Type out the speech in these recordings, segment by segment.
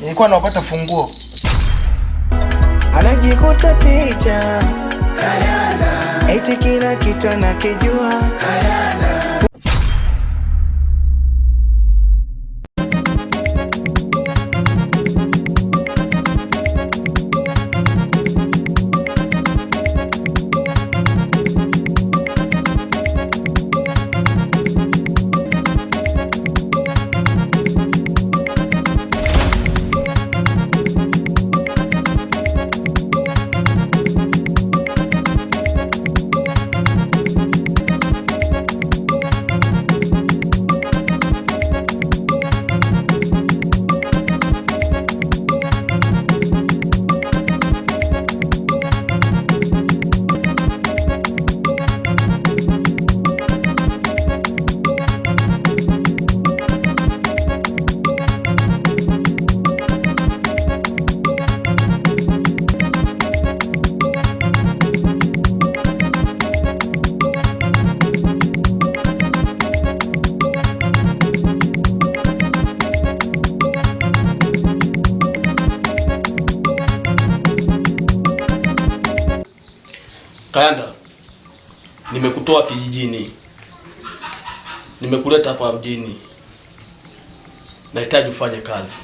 nilikuwa naokota funguo. Anajikuta ticha eti kila kitu anakijua. Kayanda, nimekutoa kijijini, nimekuleta hapa mjini, nahitaji ufanye kazi.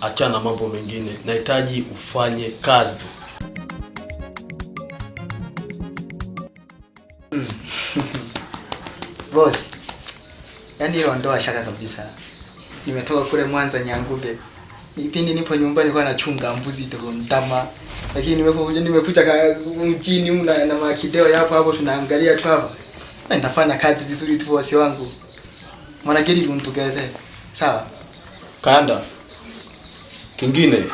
Achana mambo mengine, nahitaji ufanye kazi. Bosi, yaani hilo ndoa shaka kabisa. Nimetoka kule Mwanza Nyanguge, kipindi nipo nyumbani kwa nachunga mbuzi Tokomtama lakini nimekuja nimekuja mjini mna na makideo yapo hapo tunaangalia tu hapo. Na nitafanya kazi vizuri tu wasi wangu. Mwana kidi it together. Sawa. Kanda. Kingine.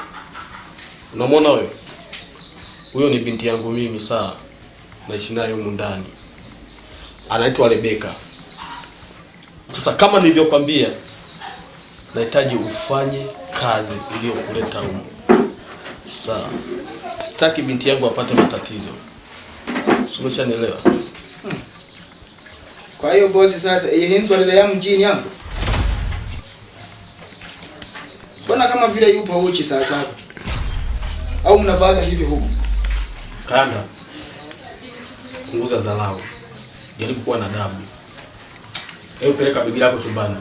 Unamwona wewe? Huyo ni binti yangu mimi saa naishi naye humu ndani. Anaitwa Rebeka. Sasa kama nilivyokwambia, nahitaji ufanye kazi iliyokuleta humu. Sawa sitaki binti yangu apate matatizo. Umeshanielewa? Hmm. Kwa hiyo bosi, sasa ihinzwalileya mjini yangu mbona kama vile yupo uchi sasa au mnavaga hivi huku kanda? Punguza dharau, jaribu kuwa na adabu. Hebu peleka begi lako chumbani.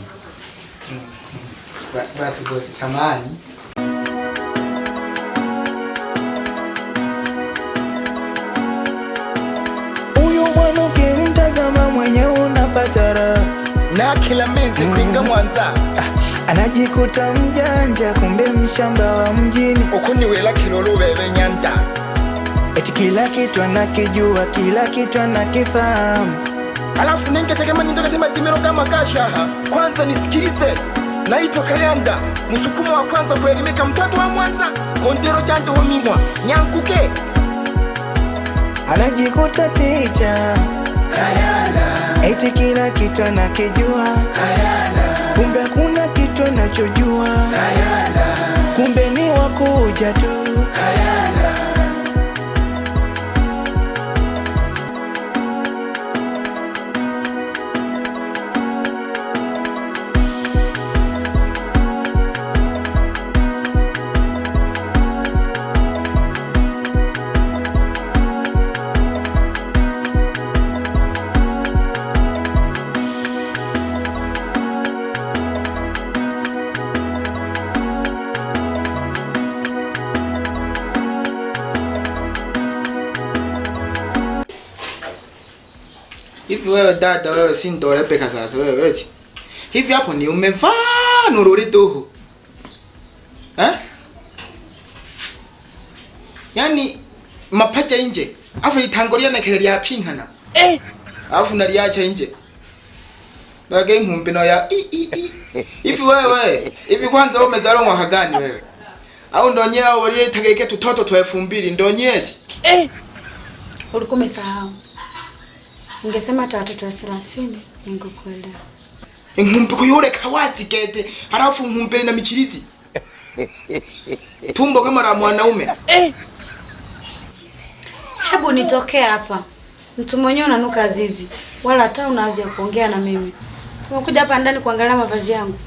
Hmm. Basi bosi, samahani na kila menzi kuinga Mwanza anajikuta mjanja, kumbe mshamba wa mjini ukuniwela kilolo wewe nyanda eti kila kitu anakijua, kila kitu anakifahamu, alafu nengetekemanitakatimajimero kama kasha Kwanza nisikilize, naitwa Kayanda, musukumo wa kwanza kuelimika, mtoto wa Mwanza, kondero chandohominwa nyankuke anajikuta ticha Kayanda Eti kila kitu anakijua kumbe hakuna kitu anachojua kumbe ni wakuja tu Kayana. hivi wewe dada, wewe si ndolepeka sasa wewe wewe. Hivi hapo ni umevaa nururi tuhu. Eh? Yaani mapacha nje. Afu itangolia na kelele ya pinkana. Eh. Afu naliacha nje. Bage nkumbi no ya i i i. Hivi wewe, hivi kwanza wewe umezalo mwaka gani wewe? Au ndo nyao wali tagaike tutoto 2000 ndo ndonyeje? Eh. Ulikumesahau. Ungesema hata watoto wa 30 ningekuelewa. Ngumpe kuyule kawati kete, halafu ngumpe na michirizi. Tumbo kama la mwanaume. Eh. Hebu nitokee hapa. Mtu mwenyewe unanuka zizi. Wala hata unaanza ya kuongea na mimi. Umekuja hapa ndani kuangalia mavazi yangu.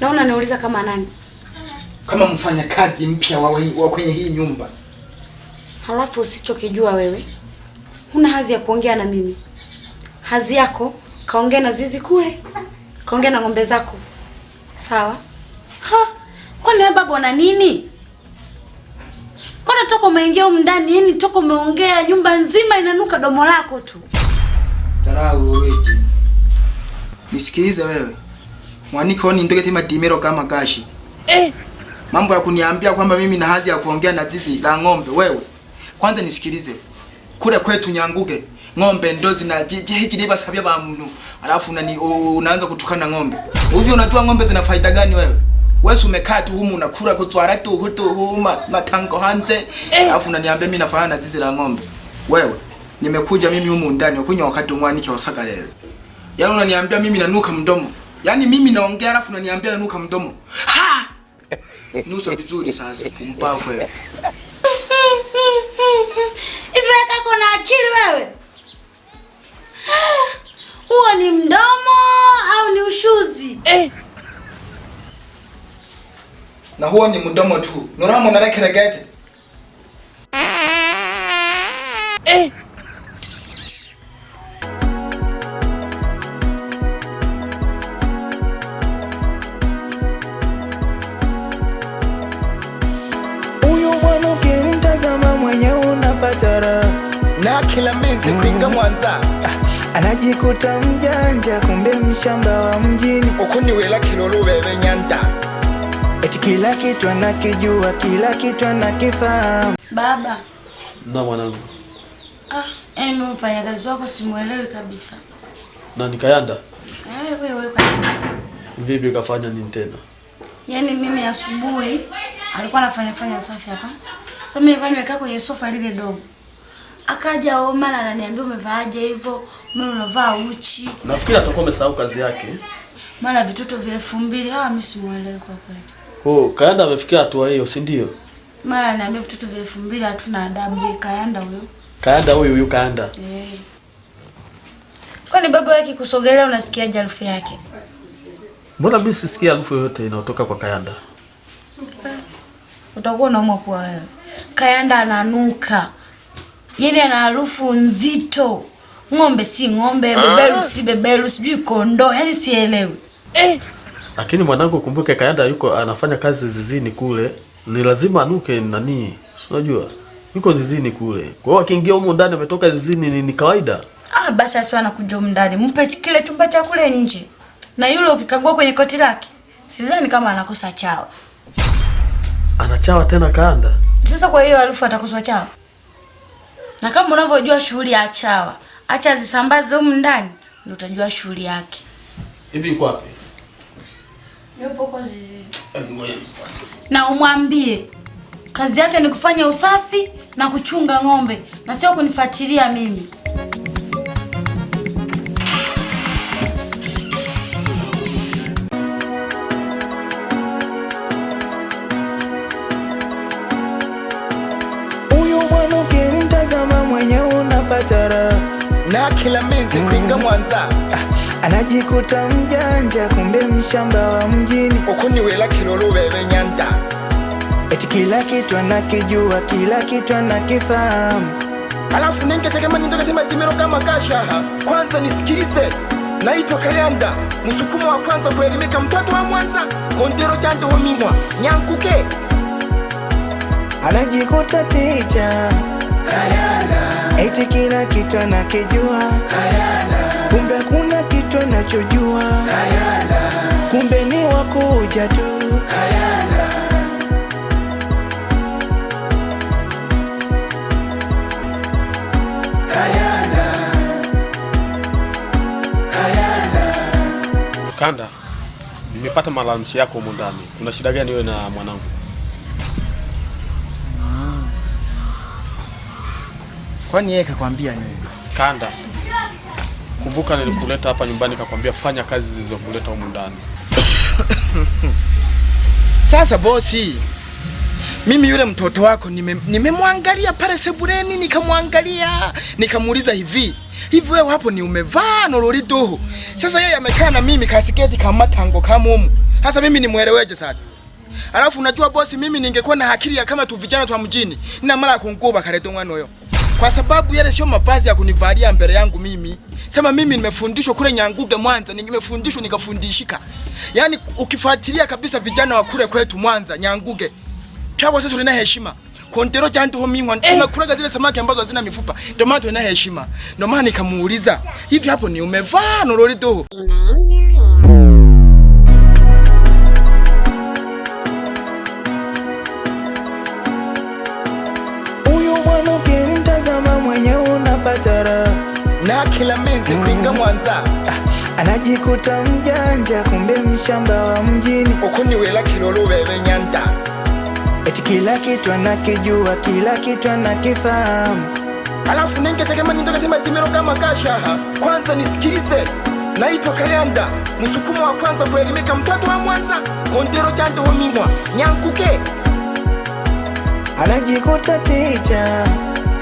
Na unaniuliza kama nani? Kama mfanyakazi mpya wa, wa kwenye hii nyumba. Halafu usichokijua wewe huna hazi ya kuongea na mimi. Hazi yako kaongea na zizi kule, kaongea na ng'ombe zako, sawa? Ha, Kwani wewe baba una nini? Mbona toka umeingia huko ndani, yani toka umeongea nyumba nzima inanuka domo lako tu. Tarau wewe. Nisikilize wewe. Mwaniko ni ndoke tema dimero kama kashi. Eh. Mambo ya kuniambia kwamba mimi na hazi ya kuongea na zizi la ng'ombe wewe. Kwanza nisikilize kule kwetu nyanguge ng'ombe ndo zina zinajihijiliba basabia ba mnu, alafu nani unaanza kutukana ng'ombe hivi. Unajua ng'ombe zina faida gani wewe? Wewe umekaa tu humu unakula kutwara tu hutu huma matango hanze, eh. alafu unaniambia mimi nafanana na zizi la ng'ombe. Wewe nimekuja mimi humu ndani kunywa wakati mwani kwa saka leo, yaani unaniambia mimi nanuka mdomo, yaani mimi naongea alafu unaniambia nanuka mdomo ha! Nusa vizuri sasa, pumbavu wewe. wewe? Huo ni mdomo au ni ushuzi eh? Na huo ni mdomo tu. Nuramo narekeregete kila mizi mm. Pinga Mwanza anajikuta mjanja, kumbe mshamba wa mjini ukuniwela kilolo wewe nyanda eti kila kitu anakijua, kila kitu anakifahamu. Baba na mwanangu, ah, yani eh, mfanyakazi wako simuelewi kabisa. Na nikayanda eh, wewe vipi, kafanya nini tena? Yaani mimi asubuhi alikuwa anafanya fanya usafi hapa, sasa mimi nilikuwa nimekaa kwenye sofa lile dogo akaja na ananiambia umevaaje hivyo? Mbona unavaa uchi? Nafikiri atakuwa amesahau kazi yake. Maana vitoto vya 2000 hawa mimi simuelewi kwa kweli. Oh, Kayanda amefikia hatua hiyo, si ndio? Maana ananiambia vitoto vya 2000 hatuna adabu ya Kayanda huyo. Kayanda huyo huyu Kayanda. Eh. Kwani baba yake kusogelea unasikia harufu yake? Mbona mimi sisikie harufu yoyote inayotoka kwa Kayanda? Eh, utakuwa unaumwa kwa wewe. Kayanda ananuka. Yeye ana harufu nzito. Ng'ombe si ng'ombe, ah. beberu si beberu, sijui kondoo, yani sielewi. Eh. Lakini mwanangu, kumbuke Kayanda yuko anafanya kazi zizini kule, ni lazima anuke nani, unajua yuko zizini kule. Kwa hiyo akiingia huko ndani, ametoka zizini, ni ni kawaida. Ah, basi asio anakuja kujua ndani, mpe kile chumba cha kule nje. Na yule ukikagua kwenye koti lake, sidhani kama anakosa chao. Anachawa tena Kayanda? Sasa kwa hiyo harufu atakoswa chao? na kama unavyojua shughuli ya chawa, acha zisambaze humu ndani, ndio utajua shughuli yake. Hivi yuko wapi? Yupo kwa zizi. Na umwambie kazi yake ni kufanya usafi na kuchunga ng'ombe na sio kunifuatilia mimi. kila minzi kuinga Mwanza anajikuta mjanja, kumbe mshamba wa mjini ukuniwela kilolo wewe nyanda eti kila kitu anakijua, kila kitu anakifahamu. Alafu nengetekemanyitokatimatimiro kama kasha. Kwanza nisikilize, naitwa Kayanda, musukumo wa kwanza kuelimika, mtoto wa Mwanza, kondero chandohomimwa nyankuke anajikuta ticha Kayanda eti kila kitu anakijua, kumbe kuna kitu anachojua, kumbe ni wakuja tu. Kanda, nimepata malalamishi yako humu ndani. Kuna shida gani wewe na mwanangu? Kwani yeye kakwambia nini? Kanda, kumbuka nilikuleta hapa nyumbani, kakwambia fanya kazi zilizokuleta humu ndani. Sasa bosi, mimi yule mtoto wako nimemwangalia, nime pale sebuleni, nikamwangalia nikamuuliza, hivi hivi wewe hapo ni umevaa doho? Sasa yeye amekaa na mimi kasiketi kama tango kama umu. Sasa mimi nimweleweje sasa? Alafu unajua bosi, mimi ningekuwa na akili kama tu vijana twa mjini, nina mara kunguba kale dongano kwa sababu yale sio mavazi ya kunivalia mbele yangu mimi. Sema mimi nimefundishwa kule Nyanguge Mwanza, nimefundishwa nikafundishika. Yaani ukifuatilia kabisa vijana wa kule kwetu Mwanza, Nyanguge. Chapo sasa tuna heshima. Kondero chantu ho mingwa eh. tunakulaga zile samaki ambazo hazina mifupa. Ndio maana tuna heshima. Ndio maana nikamuuliza, hivi hapo ni umevaa nololido? kila mezi kuinga Mwanza anajikuta mjanja, kumbe mshamba wa mjini ukuniwela kilolo wewe nyanda eti kila kitu anakijua, kila kitu anakifahamu, alafu nengetekema nindokasema timero kama kasha Kwanza nisikilize, naitwa Kayanda, musukumu wa kwanza kuelimika, mtoto wa Mwanza, kondero chanto homingwa nyankuke anajikuta ticha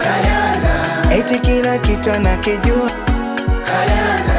Kayanda eti kila kitu anakijua Kayana